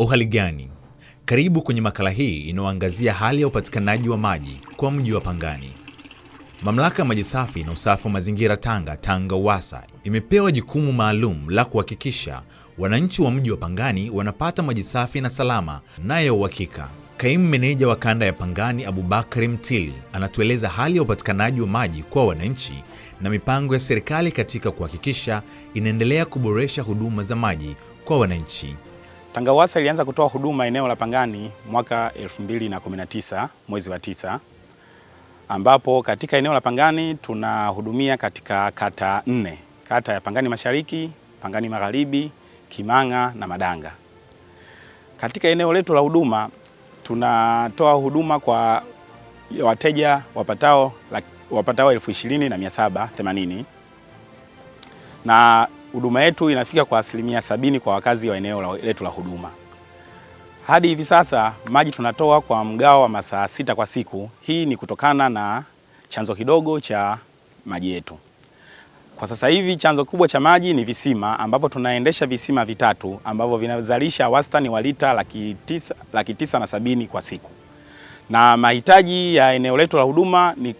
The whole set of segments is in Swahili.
Uhali gani? Karibu kwenye makala hii inayoangazia hali ya upatikanaji wa maji kwa mji wa Pangani. Mamlaka ya maji safi na usafi wa mazingira Tanga, Tanga Uwasa, imepewa jukumu maalum la kuhakikisha wananchi wa mji wa Pangani wanapata maji safi na salama na ya uhakika. Kaimu meneja wa kanda ya Pangani, abubakari Mtili, anatueleza hali ya upatikanaji wa maji kwa wananchi na mipango ya serikali katika kuhakikisha inaendelea kuboresha huduma za maji kwa wananchi. TANGAWASA ilianza kutoa huduma eneo la Pangani mwaka 2019 mwezi wa tisa, ambapo katika eneo la Pangani tunahudumia katika kata nne, kata ya Pangani Mashariki, Pangani Magharibi, Kimang'a na Madanga. Katika eneo letu la huduma tunatoa huduma kwa wateja wapatao wapatao elfu ishirini na mia saba themanini na huduma yetu inafika kwa asilimia sabini kwa wakazi wa eneo letu la huduma. Hadi hivi sasa maji tunatoa kwa mgao wa masaa sita kwa siku. Hii ni kutokana na chanzo kidogo cha maji yetu. Kwa sasa hivi chanzo kubwa cha maji ni visima, ambapo tunaendesha visima vitatu ambavyo vinazalisha wastani wa lita laki tisa, laki tisa na sabini kwa siku, na mahitaji ya eneo letu la huduma ni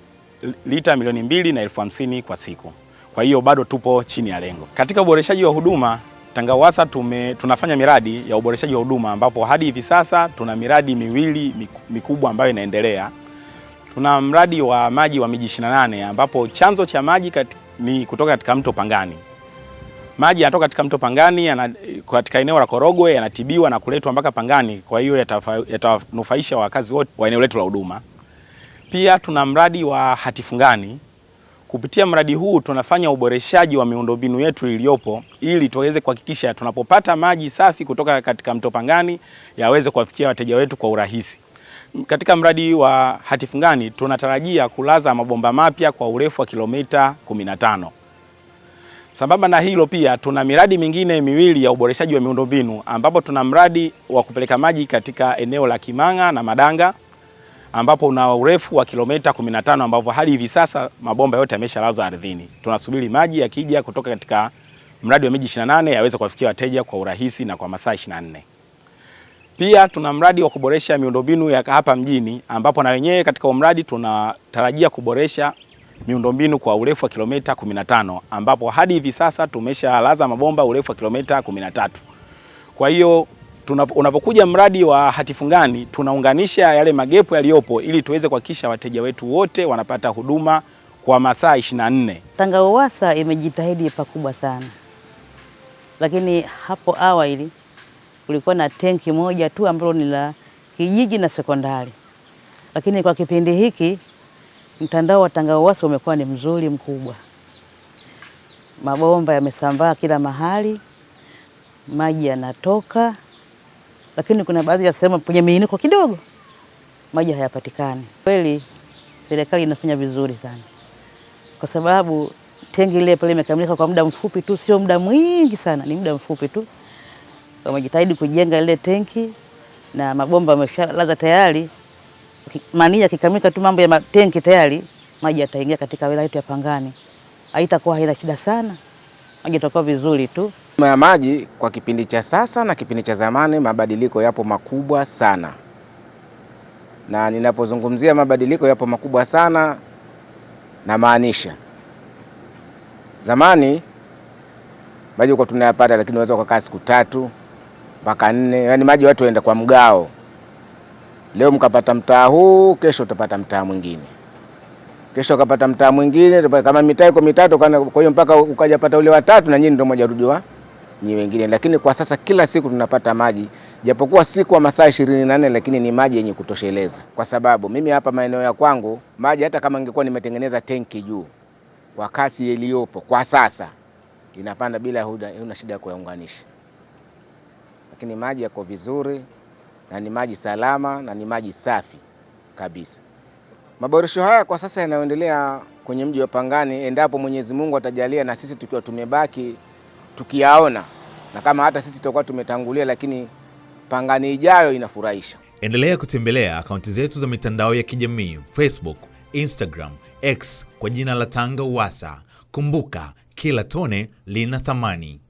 lita milioni mbili na elfu hamsini kwa siku. Kwa hiyo bado tupo chini ya lengo. Katika uboreshaji wa huduma TANGAWASA tume, tunafanya miradi ya uboreshaji wa huduma ambapo hadi hivi sasa tuna miradi miwili mikubwa ambayo inaendelea. Tuna mradi wa maji wa miji 28 ambapo chanzo cha maji kat, ni kutoka katika mto Pangani. Maji yanatoka katika mto Pangani yana, katika eneo la Korogwe yanatibiwa na kuletwa mpaka Pangani, kwa hiyo yatawanufaisha yata wakazi wote wa eneo letu la huduma. Pia tuna mradi wa hatifungani Kupitia mradi huu tunafanya uboreshaji wa miundombinu yetu iliyopo ili tuweze kuhakikisha tunapopata maji safi kutoka katika mto Pangani yaweze kuwafikia wateja wetu kwa urahisi. Katika mradi wa hatifungani tunatarajia kulaza mabomba mapya kwa urefu wa kilomita 15. Sambamba na hilo pia tuna miradi mingine miwili ya uboreshaji wa miundombinu ambapo tuna mradi wa kupeleka maji katika eneo la Kimang'a na Madanga ambapo una urefu wa kilomita 15 ambapo hadi hivi sasa mabomba yote yameshalazwa ardhini. Tunasubiri maji yakija kutoka katika mradi wa miji 28 yaweze kuwafikia wateja kwa urahisi na kwa masaa 24. Pia tuna mradi wa kuboresha miundombinu ya hapa mjini ambapo na wenyewe katika mradi tunatarajia kuboresha miundombinu kwa urefu wa kilomita 15 ambapo hadi hivi sasa tumeshalaza mabomba urefu wa kilomita 13. Kwa hiyo unapokuja mradi wa hatifungani tunaunganisha yale magepo yaliyopo ili tuweze kuhakikisha wateja wetu wote wanapata huduma kwa masaa 24. Tanga Uwasa imejitahidi pakubwa sana, lakini hapo awali kulikuwa na tenki moja tu ambalo ni la kijiji na sekondari, lakini kwa kipindi hiki mtandao wa Tanga Uwasa umekuwa ni mzuri mkubwa, mabomba yamesambaa kila mahali, maji yanatoka lakini kuna baadhi ya sehemu kwenye miinuko kidogo maji hayapatikani. Kweli serikali inafanya vizuri sana, kwa sababu tengi ile pale imekamilika kwa muda mfupi tu, sio muda mwingi sana, ni muda mfupi tu. Wamejitahidi kujenga ile tenki na mabomba yameshalaza tayari. Mania akikamilika tu mambo ya tenki tayari maji yataingia katika wilaya yetu ya Pangani, haitakuwa haina shida sana, maji yatakuwa vizuri tu ya maji kwa kipindi cha sasa na kipindi cha zamani, mabadiliko yapo makubwa sana, na ninapozungumzia mabadiliko yapo makubwa sana, namaanisha zamani maji kwa tunayapata, lakini unaweza ukakaa siku tatu mpaka nne, yaani maji watu waenda kwa mgao. Leo mkapata mtaa huu, kesho utapata mtaa mwingine, kesho ukapata mtaa mwingine, kama mitaa iko mitatu. Kwa hiyo mpaka ukajapata ule watatu, na nyinyi ndio mmoja rudiwa ni wengine, lakini kwa sasa kila siku tunapata maji japokuwa si kwa masaa ishirini na nne lakini ni maji yenye kutosheleza, kwa sababu mimi hapa maeneo ya kwangu maji hata kama ningekuwa nimetengeneza tenki juu kwa kasi iliyopo kwa sasa inapanda bila, una shida ya kuyaunganisha, lakini maji yako vizuri na ni maji salama na ni maji safi kabisa. Maboresho haya kwa sasa yanayoendelea kwenye mji wa Pangani, endapo Mwenyezi Mungu atajalia na sisi tukiwa tumebaki tukiyaona, na kama hata sisi tutakuwa tumetangulia, lakini Pangani ijayo inafurahisha. Endelea kutembelea akaunti zetu za mitandao ya kijamii Facebook, Instagram, X kwa jina la Tanga Uwasa. Kumbuka, kila tone lina thamani.